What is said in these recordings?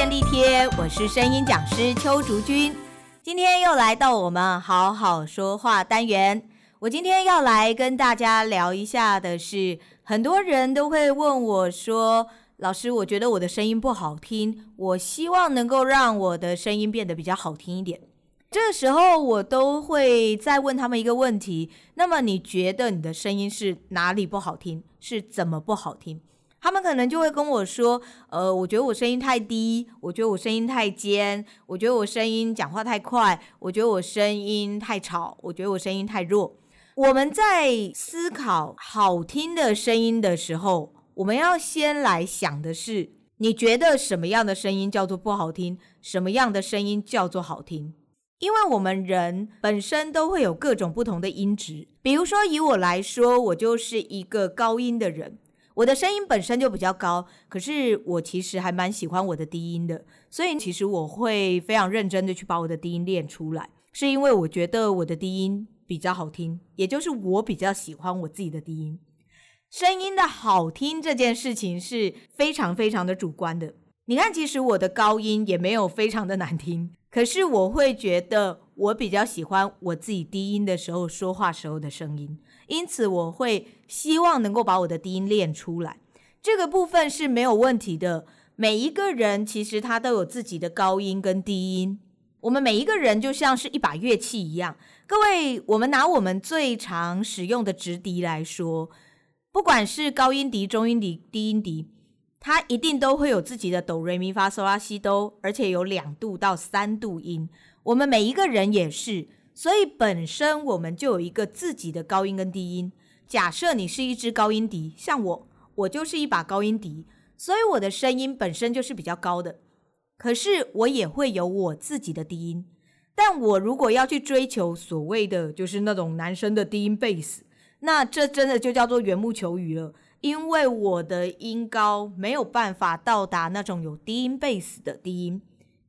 便利貼，我是聲音講師邱竹君，今天又來到我們好好說話單元。我今天要來跟大家聊一下的是，很多人都會問我說：“老師，我覺得我的聲音不好聽，我希望能夠讓我的聲音變得比較好聽一點。”這時候我都會再問他們一個問題：“那麼你覺得你的聲音是哪裡不好聽？是怎麼不好聽？”他們可能就會跟我說：“呃，我覺得我聲音太低，我覺得我聲音太尖，我覺得我聲音講話太快，我覺得我聲音太吵，我覺得我聲音太弱。”我們在思考好聽的聲音的時候，我們要先來想的是：你覺得什麼樣的聲音叫做不好聽？什麼樣的聲音叫做好聽？因為我們人本身都會有各種不同的音質。比如說，以我來說，我就是一個高音的人。我的聲音本身就比較高，可是我其實還蠻喜歡我的低音的，所以其實我會非常認真的去把我的低音練出來，是因為我覺得我的低音比較好聽，也就是我比較喜歡我自己的低音。聲音的好聽這件事情是非常非常的主觀的，你看，其實我的高音也沒有非常的難聽。可是我會覺得，我比較喜歡我自己低音的時候說話時候的聲音，因此我會希望能夠把我的低音練出來。這個部分是沒有問題的。每一個人其實他都有自己的高音跟低音，我們每一個人就像是一把樂器一樣。各位，我們拿我們最常使用的直笛來說，不管是高音笛、中音笛、低音笛。他一定都會有自己的哆、瑞、咪、發、嗦、拉、西、哆，而且有兩度到三度音。我們每一個人也是，所以本身我們就有一個自己的高音跟低音。假設你是一支高音笛，像我，我就是一把高音笛，所以我的聲音本身就是比較高的。可是我也會有我自己的低音，但我如果要去追求所謂的就是那種男生的低音貝斯，那這真的就叫做緣木求魚了。因為我的音高沒有辦法到達那種有低音貝斯的低音，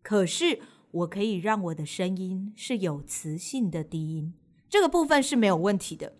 可是我可以讓我的聲音是有磁性的低音，這個部分是沒有問題的。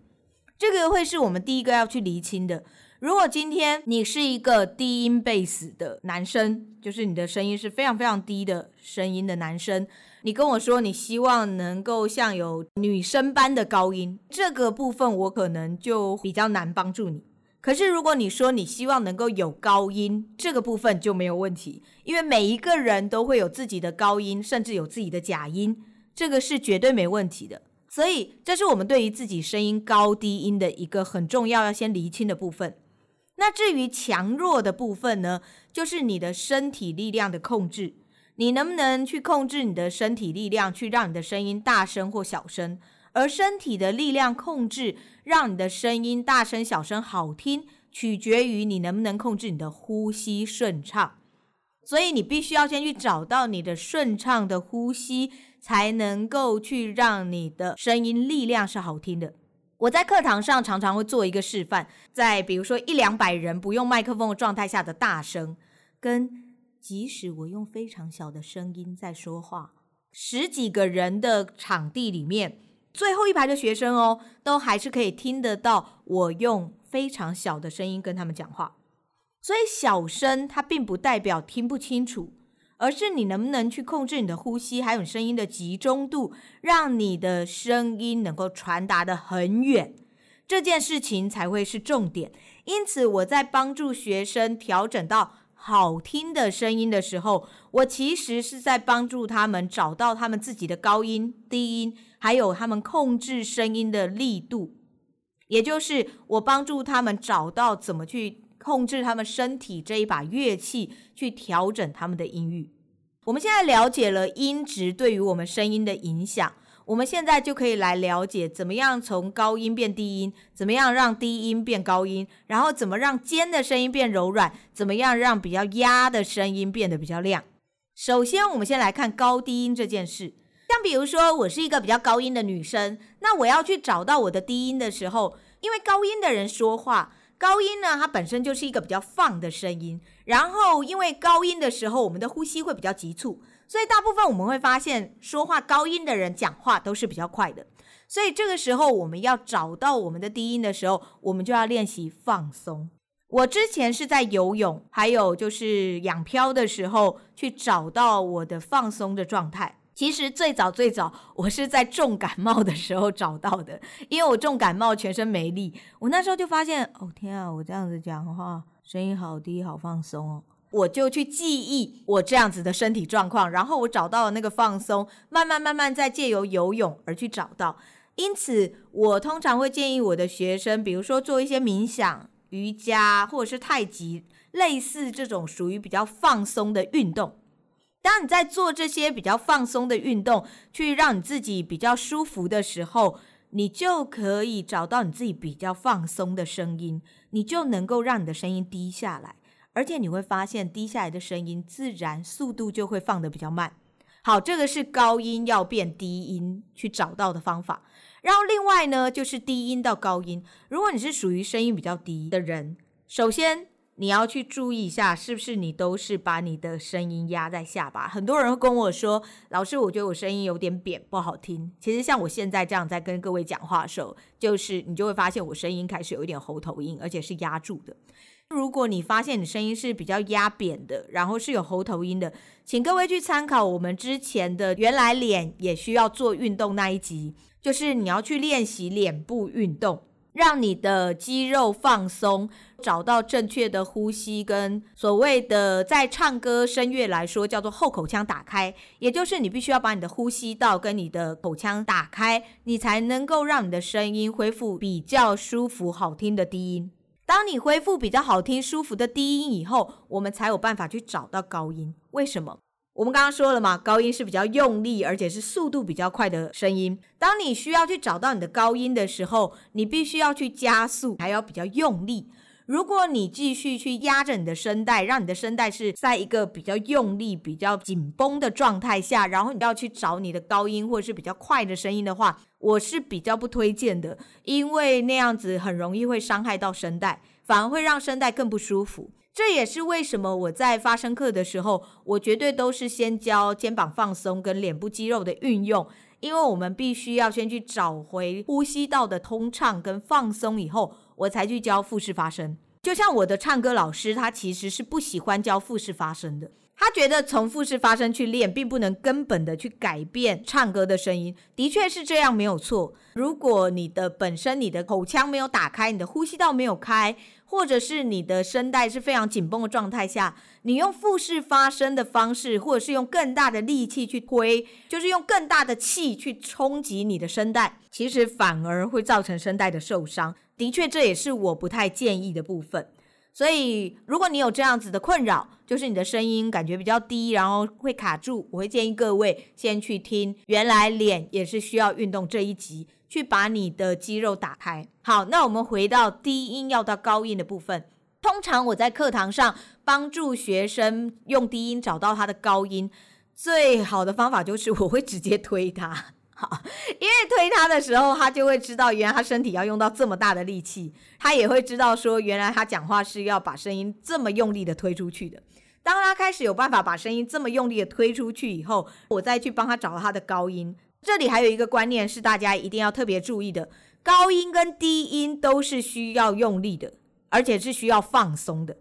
這個會是我們第一個要去釐清的。如果今天你是一個低音貝斯的男生，就是你的聲音是非常非常低的聲音的男生，你跟我說你希望能夠像有女生般的高音，這個部分我可能就比較難幫助你。可是，如果你說你希望能夠有高音，這個部分就沒有問題，因為每一個人都會有自己的高音，甚至有自己的假音，這個是絕對沒問題的。所以，這是我們對於自己聲音高低音的一個很重要要先釐清的部分。那至於強弱的部分呢，就是你的身體力量的控制，你能不能去控制你的身體力量，去讓你的聲音大聲或小聲。而身體的力量控制，讓你的聲音大聲、小聲、好聽，取決於你能不能控制你的呼吸順暢。所以你必須要先去找到你的順暢的呼吸，才能夠去讓你的聲音力量是好聽的。我在課堂上常常會做一個示範，在比如說一兩百人不用麥克風的狀態下的大聲，跟即使我用非常小的聲音在說話，十幾個人的場地裡面。最後一排的學生哦，都還是可以聽得到我用非常小的聲音跟他們講話。所以小聲它並不代表聽不清楚，而是你能不能去控制你的呼吸，還有你聲音的集中度，讓你的聲音能夠傳達得很遠，這件事情才會是重點。因此我在幫助學生調整到好聽的聲音的時候，我其實是在幫助他們找到他們自己的高音、低音。還有他們控制聲音的力度，也就是我幫助他們找到怎麼去控制他們身體這一把樂器，去調整他們的音域。我們現在了解了音質對於我們聲音的影響，我們現在就可以來了解怎麼樣從高音變低音，怎麼樣讓低音變高音，然後怎麼讓尖的聲音變柔軟，怎麼樣讓比較壓的聲音變得比較亮。首先，我們先來看高低音這件事。像比如說，我是一個比較高音的女生，那我要去找到我的低音的時候，因為高音的人說話，高音呢，它本身就是一個比較放的聲音，然後因為高音的時候，我們的呼吸會比較急促，所以大部分我們會發現說話高音的人講話都是比較快的，所以這個時候我們要找到我們的低音的時候，我們就要練習放鬆。我之前是在游泳，還有就是仰漂的時候，去找到我的放鬆的狀態。其實最早最早，我是在重感冒的時候找到的，因為我重感冒全身沒力，我那時候就發現，哦天啊，我這樣子講話聲音好低，好放鬆哦，我就去記憶我這樣子的身體狀況，然後我找到了那個放鬆，慢慢慢慢再借由游泳而去找到。因此，我通常會建議我的學生，比如說做一些冥想、瑜伽或者是太極，類似這種屬於比較放鬆的運動。當你在做這些比較放鬆的運動，去讓你自己比較舒服的時候，你就可以找到你自己比較放鬆的聲音，你就能夠讓你的聲音低下來，而且你會發現低下來的聲音自然速度就會放得比較慢。好，這個是高音要變低音去找到的方法。然後另外呢，就是低音到高音，如果你是屬於聲音比較低的人，首先，你要去注意一下，是不是你都是把你的聲音壓在下巴？很多人會跟我說：“老師，我覺得我聲音有點扁，不好聽。”其實像我現在這樣在跟各位講話的時候，就是你就會發現我聲音開始有一點喉頭音，而且是壓住的。如果你發現你聲音是比較壓扁的，然後是有喉頭音的，請各位去參考我們之前的“原來臉也需要做運動”那一集，就是你要去練習臉部運動。讓你的肌肉放鬆，找到正確的呼吸，跟所謂的在唱歌聲樂來說叫做後口腔打開，也就是你必須要把你的呼吸道跟你的口腔打開，你才能夠讓你的聲音恢復比較舒服好聽的低音。當你恢復比較好聽舒服的低音以後，我們才有辦法去找到高音。為什麼？我們剛剛說了嘛，高音是比較用力，而且是速度比較快的聲音。當你需要去找到你的高音的時候，你必須要去加速，還要比較用力。如果你繼續去壓着你的聲帶，讓你的聲帶是在一個比較用力、比較緊繃的狀態下，然後你要去找你的高音或者是比較快的聲音的話，我是比較不推薦的，因為那樣子很容易會傷害到聲帶，反而會讓聲帶更不舒服。這也是為什麼我在發聲課的時候，我絕對都是先教肩膀放鬆跟臉部肌肉的運用，因為我們必須要先去找回呼吸道的通暢跟放鬆以後，我才去教腹式發聲。就像我的唱歌老師，他其實是不喜歡教腹式發聲的。他覺得從腹式發聲去練，並不能根本的去改變唱歌的聲音，的確是這樣，沒有錯。如果你的本身你的口腔沒有打開，你的呼吸道沒有開，或者是你的聲帶是非常緊繃的狀態下，你用腹式發聲的方式，或者是用更大的力氣去推，就是用更大的氣去衝擊你的聲帶，其實反而會造成聲帶的受傷。的確，這也是我不太建議的部分。所以，如果你有這樣子的困擾，就是你的聲音感覺比較低，然後會卡住，我會建議各位先去聽《原來臉也是需要運動》這一集，去把你的肌肉打開。好，那我們回到低音要到高音的部分。通常我在課堂上幫助學生用低音找到他的高音，最好的方法就是我會直接推他。因為推他的時候，他就會知道，原來他身體要用到這麼大的力氣，他也會知道說，原來他講話是要把聲音這麼用力的推出去的。當他開始有辦法把聲音這麼用力的推出去以後，我再去幫他找到他的高音。這裡還有一個觀念是大家一定要特別注意的：高音跟低音都是需要用力的，而且是需要放鬆的。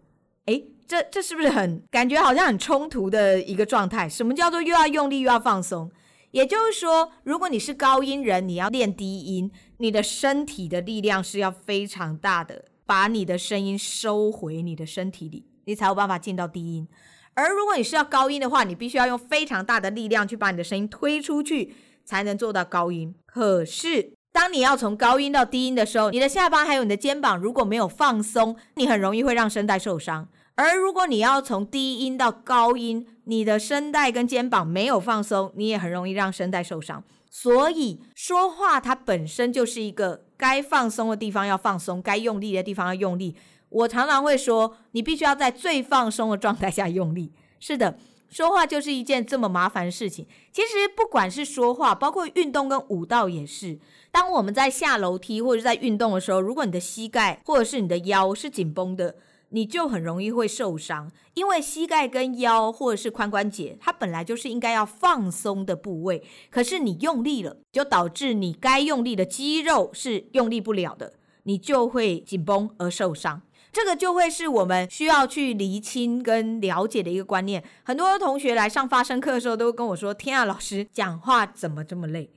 誒，這這是不是很，感覺好像很衝突的一個狀態？什麼叫做又要用力，又要放鬆？也就是說，如果你是高音人，你要練低音，你的身體的力量是要非常大的，把你的聲音收回你的身體裡，你才有辦法進到低音。而如果你是要高音的話，你必須要用非常大的力量去把你的聲音推出去，才能做到高音。可是，當你要從高音到低音的時候，你的下巴還有你的肩膀如果沒有放鬆，你很容易會讓聲帶受傷。而如果你要從低音到高音，你的聲帶跟肩膀沒有放鬆，你也很容易讓聲帶受傷。所以說話它本身就是一個該放鬆的地方要放鬆，該用力的地方要用力。我常常會說，你必須要在最放鬆的狀態下用力。是的，說話就是一件這麼麻煩的事情。其實不管是說話，包括運動跟舞蹈也是。當我們在下樓梯或者是在運動的時候，如果你的膝蓋或者是你的腰是緊繃的，你就很容易會受傷，因為膝蓋跟腰或者是髖關節，它本來就是應該要放鬆的部位，可是你用力了，就導致你該用力的肌肉是用力不了的，你就會緊繃而受傷。這個就會是我們需要去理清跟了解的一個觀念。很多同學來上發聲課的時候，都會跟我說：“天啊，老師講話怎麼這麼累？”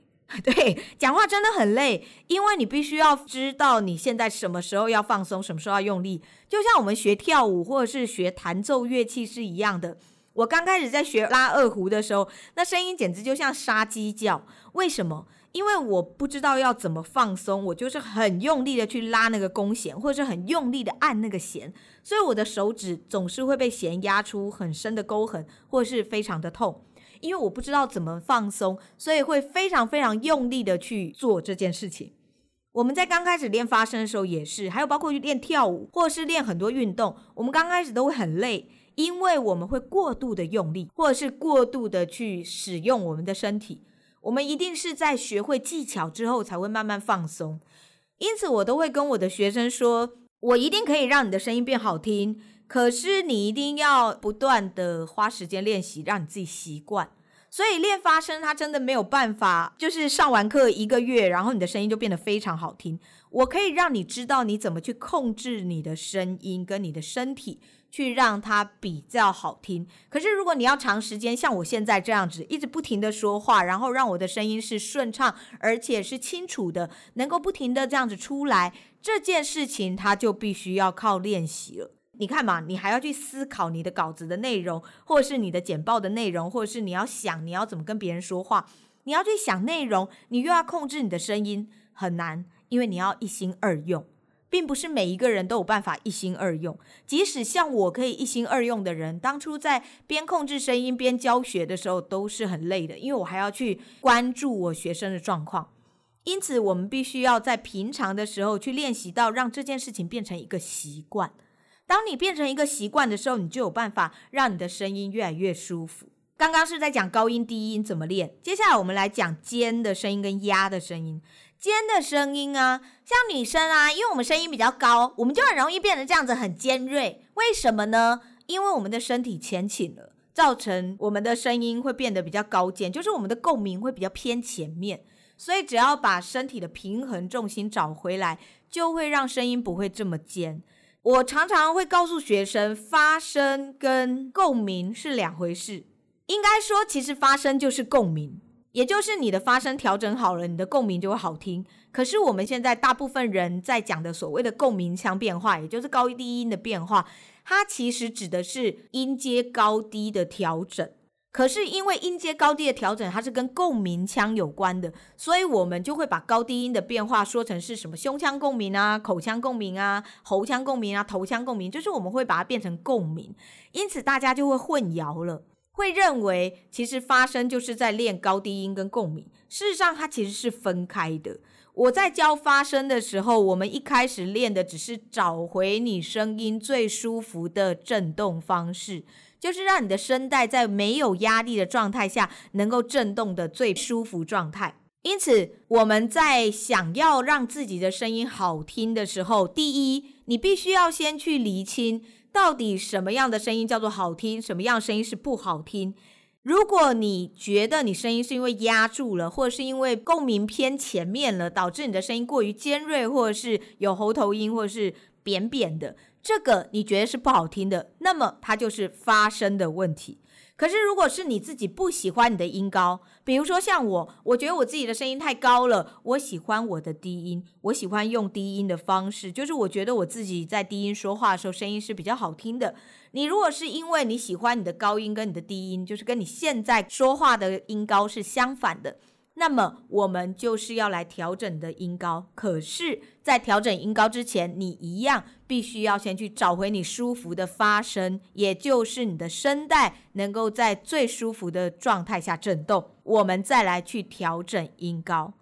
對，講話真的很累，因為你必須要知道你現在什麼時候要放鬆，什麼時候要用力。就像我們學跳舞或者是學彈奏樂器是一樣的。我剛開始在學拉二胡的時候，那聲音簡直就像殺雞叫。為什麼？因為我不知道要怎麼放鬆，我就是很用力的去拉那個弓弦，或者是很用力的按那個弦，所以我的手指總是會被弦壓出很深的溝痕，或是非常的痛。因為我不知道怎麼放鬆，所以會非常非常用力的去做這件事情。我們在剛開始練發聲的時候也是，還有包括練跳舞，或者是練很多運動，我們剛開始都會很累，因為我們會過度的用力，或者是過度的去使用我們的身體。我們一定是在學會技巧之後，才會慢慢放鬆。因此，我都會跟我的學生說，我一定可以讓你的聲音變好聽，可是你一定要不斷的花時間練習，讓你自己習慣。所以練發聲，它真的沒有辦法，就是上完課一個月，然後你的聲音就變得非常好聽。我可以讓你知道你怎麼去控制你的聲音跟你的身體，去讓它比較好聽。可是如果你要長時間像我現在這樣子，一直不停的說話，然後讓我的聲音是順暢而且是清楚的，能夠不停的這樣子出來，這件事情它就必須要靠練習了。你看嘛，你還要去思考你的稿子的內容，或者是你的簡報的內容，或者是你要想你要怎麼跟別人說話，你要去想內容，你又要控制你的聲音，很難，因為你要一心二用，並不是每一個人都有辦法一心二用。即使像我可以一心二用的人，當初在邊控制聲音邊教學的時候，都是很累的，因為我還要去關注我學生的狀況。因此，我們必須要在平常的時候去練習到，讓這件事情變成一個習慣。當你變成一個習慣的時候，你就有辦法讓你的聲音越來越舒服。剛剛是在講高音、低音怎麼練，接下來我們來講尖的聲音跟壓的聲音。尖的聲音啊，像女生啊，因為我們聲音比較高，我們就很容易變得這樣子很尖銳。為什麼呢？因為我們的身體前傾了，造成我們的聲音會變得比較高尖，就是我們的共鳴會比較偏前面。所以只要把身體的平衡重心找回來，就會讓聲音不會這麼尖。我常常會告訴學生，發聲跟共鳴是兩回事。應該說，其實發聲就是共鳴，也就是你的發聲調整好了，你的共鳴就會好聽。可是我們現在大部分人在講的所謂的共鳴腔變化，也就是高低音的變化，它其實指的是音階高低的調整。可是因為音階高低的調整，它是跟共鳴腔有關的，所以我們就會把高低音的變化說成是什麼胸腔共鳴啊、口腔共鳴啊、喉腔共鳴啊、頭腔共鳴，就是我們會把它變成共鳴，因此大家就會混淆了，會認為其實發聲就是在練高低音跟共鳴，事實上它其實是分開的。我在教發聲的時候，我們一開始練的只是找回你聲音最舒服的震動方式。就是讓你的聲帶在沒有壓力的狀態下，能夠震動的最舒服狀態。因此，我們在想要讓自己的聲音好聽的時候，第一，你必須要先去釐清到底什麼樣的聲音叫做好聽，什麼樣的聲音是不好聽。如果你覺得你聲音是因為壓住了，或者是因為共鳴偏前面了，導致你的聲音過於尖銳，或者是有喉頭音，或者是扁扁的。這個你覺得是不好聽的，那麼它就是發聲的問題。可是如果是你自己不喜歡你的音高，比如說像我，我覺得我自己的聲音太高了，我喜歡我的低音，我喜歡用低音的方式，就是我覺得我自己在低音說話的時候聲音是比較好聽的。你如果是因為你喜歡你的高音跟你的低音，就是跟你現在說話的音高是相反的。那麼我們就是要來調整的音高，可是，在調整音高之前，你一樣必須要先去找回你舒服的發聲，也就是你的聲帶能夠在最舒服的狀態下震動，我們再來去調整音高，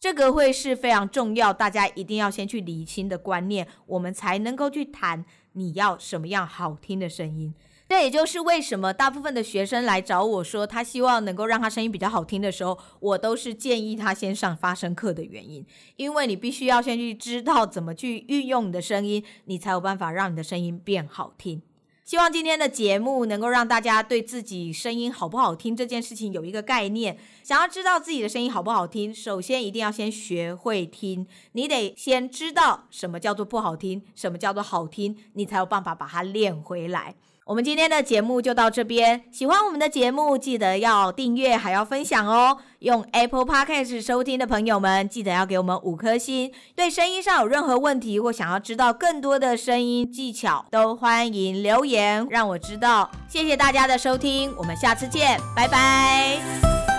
這個會是非常重要，大家一定要先去理清的觀念，我們才能夠去談你要什麼樣好聽的聲音。這也就是為什麼大部分的學生來找我說他希望能夠讓他聲音比較好聽的時候，我都是建議他先上發聲課的原因。因為你必須要先去知道怎麼去運用你的聲音，你才有辦法讓你的聲音變好聽。希望今天的節目能夠讓大家對自己聲音好不好聽這件事情有一個概念。想要知道自己的聲音好不好聽，首先一定要先學會聽，你得先知道什麼叫做不好聽，什麼叫做好聽，你才有辦法把它練回來。我們今天的節目就到這邊，喜歡我們的節目記得要訂閱還要分享哦。用 Apple Podcast 收聽的朋友們記得要給我們五顆星。對聲音上有任何問題或想要知道更多的聲音技巧，都歡迎留言讓我知道。謝謝大家的收聽，我們下次見，拜拜。